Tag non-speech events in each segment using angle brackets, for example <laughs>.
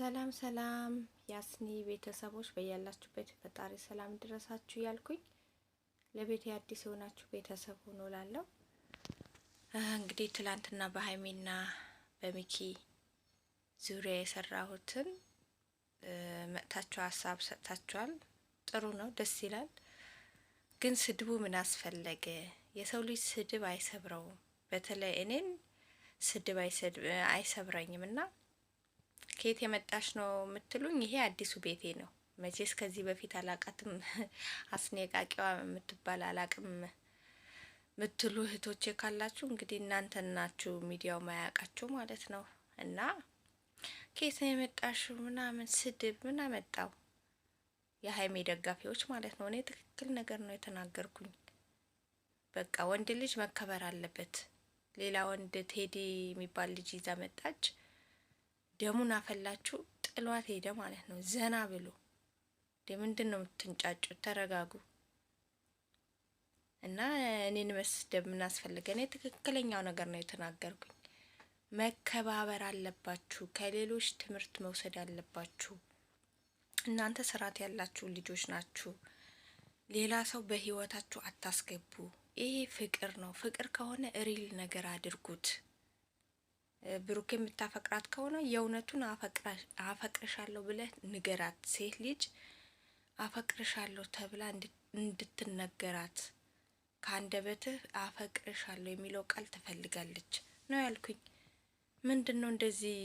ሰላም ሰላም ያስኒ ቤተሰቦች በያላችሁበት ፈጣሪ ሰላም ድረሳችሁ ያልኩኝ ለቤት አዲስ የሆናችሁ ቤተሰብ ሆኖ ላለው እንግዲህ ትላንትና በሀይሚና በሚኪ ዙሪያ የሰራሁትን መጥታችሁ ሀሳብ ሰጥታችኋል። ጥሩ ነው፣ ደስ ይላል። ግን ስድቡ ምን አስፈለገ? የሰው ልጅ ስድብ አይሰብረውም። በተለይ እኔን ስድብ አይሰብረኝም እና ከየት የመጣሽ ነው የምትሉኝ? ይሄ አዲሱ ቤቴ ነው። መቼስ ከዚህ በፊት አላቃትም <laughs> አስነቃቂዋ የምትባል አላቅም ምትሉ እህቶቼ ካላችሁ እንግዲህ እናንተ ናችሁ ሚዲያው ማያውቃችሁ ማለት ነው። እና ከየት ነው የመጣሽው ምናምን ስድብ ምን አመጣው የሀይሜ ደጋፊዎች ማለት ነው። እኔ ትክክል ነገር ነው የተናገርኩኝ። በቃ ወንድ ልጅ መከበር አለበት። ሌላ ወንድ ቴዲ የሚባል ልጅ ይዛ መጣች። ደሙን አፈላችሁ። ጥሏት ሄደ ማለት ነው። ዘና ብሎ ምንድን ነው የምትንጫጩት? ተረጋጉ እና እኔን መስደብ ምን አስፈለገ? እኔ ትክክለኛው ነገር ነው የተናገርኩኝ። መከባበር አለባችሁ። ከሌሎች ትምህርት መውሰድ አለባችሁ። እናንተ ስርዓት ያላችሁ ልጆች ናችሁ። ሌላ ሰው በህይወታችሁ አታስገቡ። ይሄ ፍቅር ነው። ፍቅር ከሆነ ሪል ነገር አድርጉት። ብሩክ የምታፈቅራት ከሆነ የእውነቱን አፈቅርሻለሁ ብለህ ንገራት። ሴት ልጅ አፈቅርሻለሁ ተብላ እንድትነገራት ከአንደበትህ አፈቅርሻለሁ የሚለው ቃል ትፈልጋለች ነው ያልኩኝ። ምንድን ነው እንደዚህ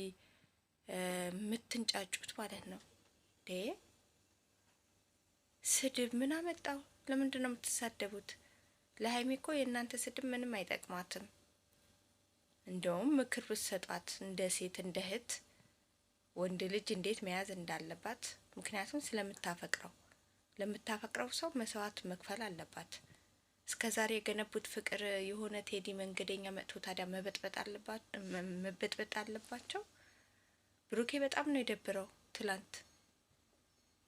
የምትንጫጩት ማለት ነው? ስድብ ምን አመጣው? ለምንድን ነው የምትሳደቡት? ለሀይሚ እኮ የእናንተ ስድብ ምንም አይጠቅማትም። እንደውም ምክር ብትሰጧት እንደ ሴት እንደ እህት ወንድ ልጅ እንዴት መያዝ እንዳለባት። ምክንያቱም ስለምታፈቅረው ለምታፈቅረው ሰው መስዋዕት መክፈል አለባት። እስከ ዛሬ የገነቡት ፍቅር የሆነ ቴዲ መንገደኛ መጥቶ ታዲያ መበጥበጥ አለባቸው። ብሩኬ በጣም ነው የደብረው። ትላንት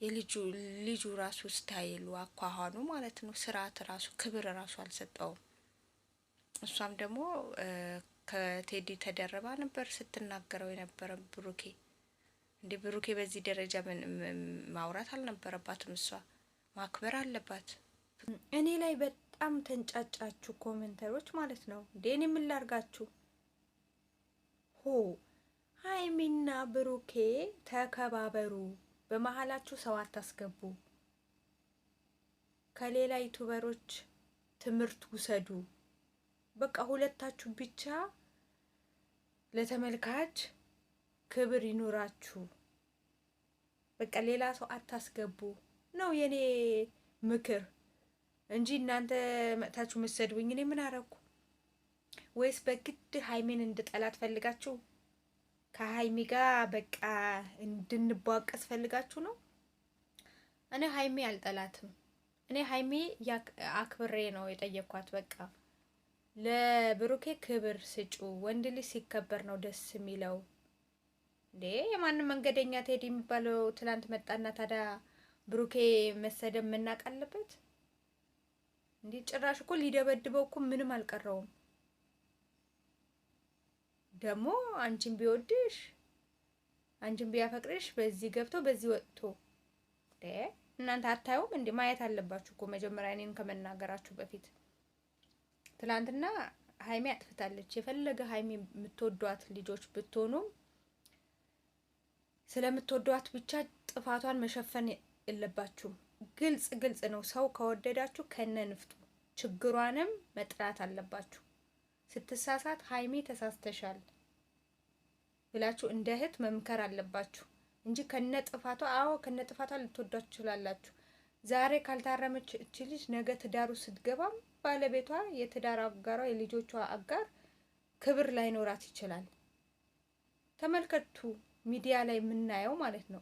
የልጁ ልጁ ራሱ ስታይሉ አኳኋኑ ማለት ነው ስርዓት ራሱ ክብር ራሱ አልሰጠውም። እሷም ደግሞ ከቴዲ ተደረባ ነበር ስትናገረው የነበረ ብሩኬ። እንዲህ ብሩኬ በዚህ ደረጃ ማውራት አልነበረባትም። እሷ ማክበር አለባት። እኔ ላይ በጣም ተንጫጫችሁ ኮመንተሮች ማለት ነው። እንዴ እኔ ምን ላርጋችሁ? ሆ ሀይሚና ብሩኬ ተከባበሩ፣ በመሀላችሁ ሰው አታስገቡ፣ ከሌላ ዩቱበሮች ትምህርት ውሰዱ። በቃ ሁለታችሁ ብቻ ለተመልካች ክብር ይኑራችሁ። በቃ ሌላ ሰው አታስገቡ ነው የኔ ምክር እንጂ እናንተ መጥታችሁ መሰድቡኝ እኔ ምን አረኩ? ወይስ በግድ ሀይሜን እንድጠላት ፈልጋችሁ ከሀይሚ ጋር በቃ እንድንቧቀስ ፈልጋችሁ ነው? እኔ ሀይሜ አልጠላትም። እኔ ሀይሜ አክብሬ ነው የጠየኳት በቃ ለብሩኬ ክብር ስጩ። ወንድ ልጅ ሲከበር ነው ደስ የሚለው። እንዴ የማንም መንገደኛ ቴዲ የሚባለው ትላንት መጣና፣ ታዲያ ብሩኬ መሰደብ የምናቃለበት እንዲ እንዲህ ጭራሽ እኮ ሊደበድበው እኮ ምንም አልቀረውም። ደግሞ አንቺን ቢወድሽ አንቺን ቢያፈቅርሽ በዚህ ገብቶ በዚህ ወጥቶ እናንተ አታዩም እንዴ? ማየት አለባችሁ እኮ መጀመሪያ እኔን ከመናገራችሁ በፊት ትናንትና ሀይሜ አጥፍታለች። የፈለገ ሀይሜ የምትወዷት ልጆች ብትሆኑም ስለምትወዷት ብቻ ጥፋቷን መሸፈን የለባችሁም። ግልጽ ግልጽ ነው። ሰው ከወደዳችሁ ከነ ንፍጡ ችግሯንም መጥራት አለባችሁ። ስትሳሳት ሀይሜ ተሳስተሻል ብላችሁ እንደ እህት መምከር አለባችሁ እንጂ ከነ ጥፋቷ አዎ ከነ ጥፋቷ ልትወዷችሁ ትችላላችሁ። ዛሬ ካልታረመች እች ልጅ ነገ ትዳሩ ስትገባም ባለቤቷ የትዳር አጋሯ የልጆቿ አጋር ክብር ላይኖራት ይችላል። ተመልከቱ፣ ሚዲያ ላይ የምናየው ማለት ነው።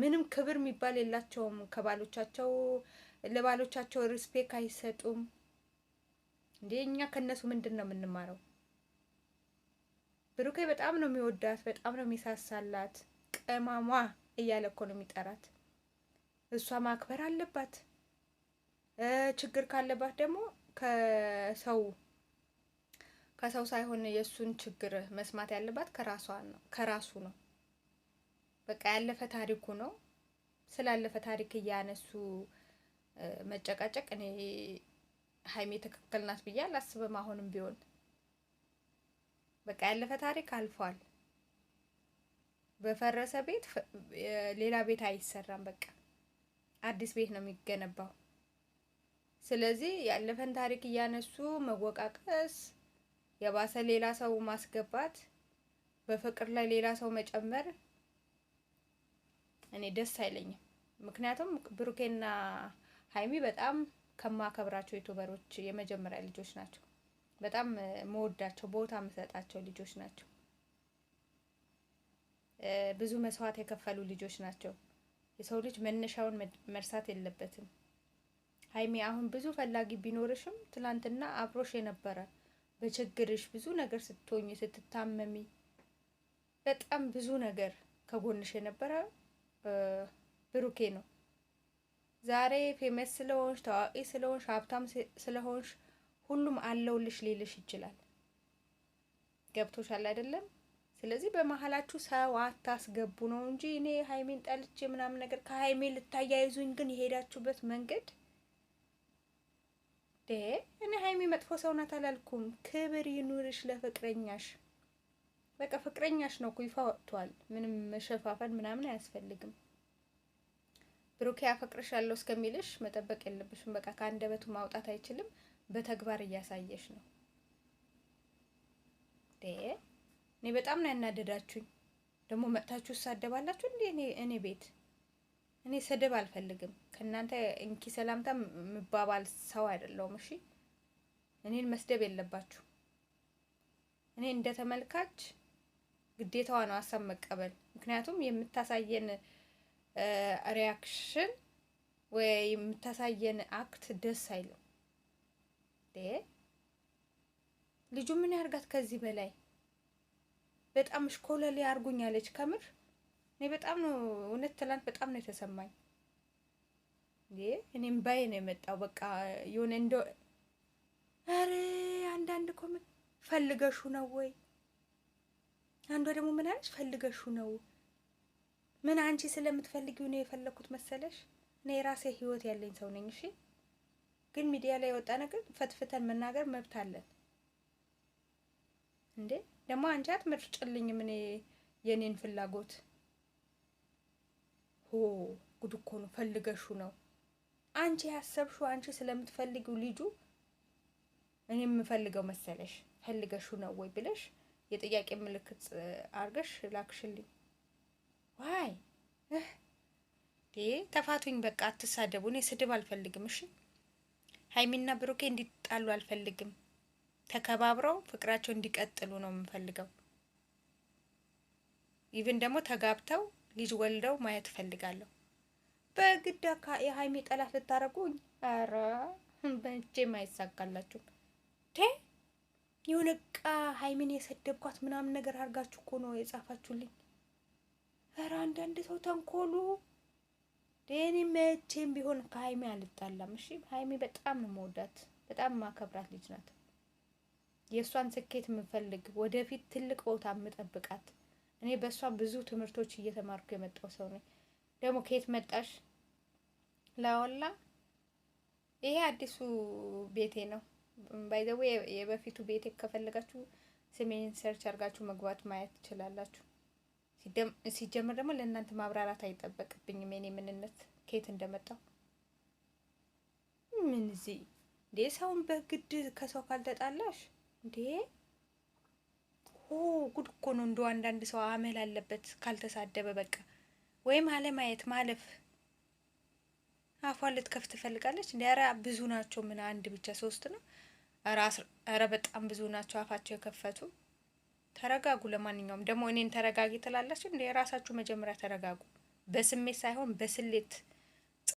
ምንም ክብር የሚባል የላቸውም። ከባሎቻቸው ለባሎቻቸው ሪስፔክ አይሰጡም። እንዴ እኛ ከእነሱ ምንድን ነው የምንማረው? ብሩኬ በጣም ነው የሚወዳት፣ በጣም ነው የሚሳሳላት። ቀማሟ እያለ እኮ ነው የሚጠራት። እሷ ማክበር አለባት። ችግር ካለባት ደግሞ ከሰው ከሰው ሳይሆን የእሱን ችግር መስማት ያለባት ከራሷ ነው ከራሱ ነው። በቃ ያለፈ ታሪኩ ነው። ስላለፈ ታሪክ እያነሱ መጨቃጨቅ እኔ ሀይሜ ትክክል ናት ብዬ አላስብም። አሁንም ቢሆን በቃ ያለፈ ታሪክ አልፏል። በፈረሰ ቤት ሌላ ቤት አይሰራም። በቃ አዲስ ቤት ነው የሚገነባው። ስለዚህ ያለፈን ታሪክ እያነሱ መወቃቀስ፣ የባሰ ሌላ ሰው ማስገባት፣ በፍቅር ላይ ሌላ ሰው መጨመር እኔ ደስ አይለኝም። ምክንያቱም ብሩኬና ሀይሚ በጣም ከማከብራቸው ዩቱበሮች የመጀመሪያ ልጆች ናቸው። በጣም መወዳቸው ቦታ የምሰጣቸው ልጆች ናቸው። ብዙ መስዋዕት የከፈሉ ልጆች ናቸው። የሰው ልጅ መነሻውን መርሳት የለበትም። ሀይሜ አሁን ብዙ ፈላጊ ቢኖርሽም ትላንትና አብሮሽ የነበረ በችግርሽ ብዙ ነገር ስትሆኝ ስትታመሚ በጣም ብዙ ነገር ከጎንሽ የነበረ ብሩኬ ነው። ዛሬ ፌመስ ስለሆንሽ ታዋቂ ስለሆንሽ ሀብታም ስለሆንሽ ሁሉም አለውልሽ ሊልሽ ይችላል። ገብቶሻል አይደለም? ስለዚህ በመሀላችሁ ሰው አታስገቡ ነው እንጂ እኔ ሀይሜን ጠልቼ ምናምን ነገር ከሀይሜ ልታያይዙኝ ግን የሄዳችሁበት መንገድ እኔ ሀይሚ መጥፎ ሰው አላልኩም። ክብር ይኑርሽ ለፍቅረኛሽ። በቃ ፍቅረኛሽ ነው እኮ ይፋ ወጥቷል። ምንም መሸፋፈን ምናምን አያስፈልግም። ብሩኬ አፈቅርሻለሁ እስከሚልሽ መጠበቅ የለብሽም። በቃ ከአንደበቱ ማውጣት አይችልም። በተግባር እያሳየሽ ነው። እኔ በጣም ነው ያናደዳችሁኝ። ደግሞ መጥታችሁ ትሳደባላችሁ እንዴ እኔ ቤት እኔ ስድብ አልፈልግም። ከእናንተ እንኪ ሰላምታ ምባባል ሰው አይደለሁም። እሺ እኔን መስደብ የለባችሁ። እኔ እንደ ተመልካች ግዴታዋ ነው ሀሳብ መቀበል። ምክንያቱም የምታሳየን ሪያክሽን ወይ የምታሳየን አክት ደስ አይልም። ልጁ ምን ያርጋት ከዚህ በላይ በጣም እሽኮለሌ አርጉኛለች ከምር እኔ በጣም ነው እውነት ትላንት በጣም ነው የተሰማኝ። እኔም ባይ ነው የመጣው በቃ የሆነ እንደ ኧረ አንዳንድ እኮ ምን ፈልገሹ ነው ወይ አንዷ ደግሞ ምን አለች? ፈልገሹ ነው ምን አንቺ ስለምትፈልጊው ነው የፈለግኩት መሰለሽ? እኔ የራሴ ህይወት ያለኝ ሰው ነኝ። እሺ ግን ሚዲያ ላይ የወጣ ነገር ፈትፍተን መናገር መብት አለን እንዴ? ደግሞ አንቺ አትመርጭልኝም እኔ የኔን ፍላጎት ጉድ እኮ ነው። ፈልገሹ ነው አንቺ ያሰብሹ አንቺ ስለምትፈልጊው ልጁ እኔ የምፈልገው መሰለሽ ፈልገሹ ነው ወይ ብለሽ የጥያቄ ምልክት አርገሽ ላክሽልኝ። ዋይ ተፋቱኝ፣ በቃ አትሳደቡ። እኔ ስድብ አልፈልግም። እሺ ሀይሚና ብሩኬ እንዲጣሉ አልፈልግም። ተከባብረው ፍቅራቸው እንዲቀጥሉ ነው የምፈልገው። ኢቭን ደግሞ ተጋብተው ልጅ ወልደው ማየት እፈልጋለሁ። በግዳ የሀይሜ ጠላት ልታረጉኝ? ኧረ በእጄም ማይሳካላችሁ ቴ የሆነ ቃ ሀይሜን የሰደብኳት ምናምን ነገር አድርጋችሁ እኮ ነው የጻፋችሁልኝ። ኧረ አንዳንድ ሰው ተንኮሉ። እኔ መቼም ቢሆን ከሀይሚ አልጣላም። እሺ ሀይሚ በጣም ነው መወዳት፣ በጣም ማከብራት ልጅ ናት። የእሷን ስኬት የምፈልግ ወደፊት ትልቅ ቦታ የምጠብቃት እኔ በእሷ ብዙ ትምህርቶች እየተማርኩ የመጣው ሰው ነኝ። ደግሞ ከየት መጣሽ ላወላ ይሄ አዲሱ ቤቴ ነው። ባይዘዌ የበፊቱ ቤቴ ከፈለጋችሁ ስሜን ሰርች አድርጋችሁ መግባት ማየት ትችላላችሁ። ሲጀምር ደግሞ ለእናንተ ማብራራት አይጠበቅብኝም። የኔ ምንነት ከየት እንደመጣው ምን እዚህ እንዴ ሰውን በግድ ከሰው ካልተጣላሽ እንዴ ሆ ጉድ እኮ ነው። እንደ አንዳንድ ሰው አመል አለበት ካልተሳደበ በቃ ወይም አለማየት ማለፍ። አፏ ልትከፍት ትፈልጋለች። ኧረ ብዙ ናቸው። ምን አንድ ብቻ ሶስት ነው። ኧረ በጣም ብዙ ናቸው አፋቸው የከፈቱ። ተረጋጉ። ለማንኛውም ደግሞ እኔን ተረጋጊ ትላላችሁ እንደ የራሳችሁ መጀመሪያ ተረጋጉ። በስሜት ሳይሆን በስሌት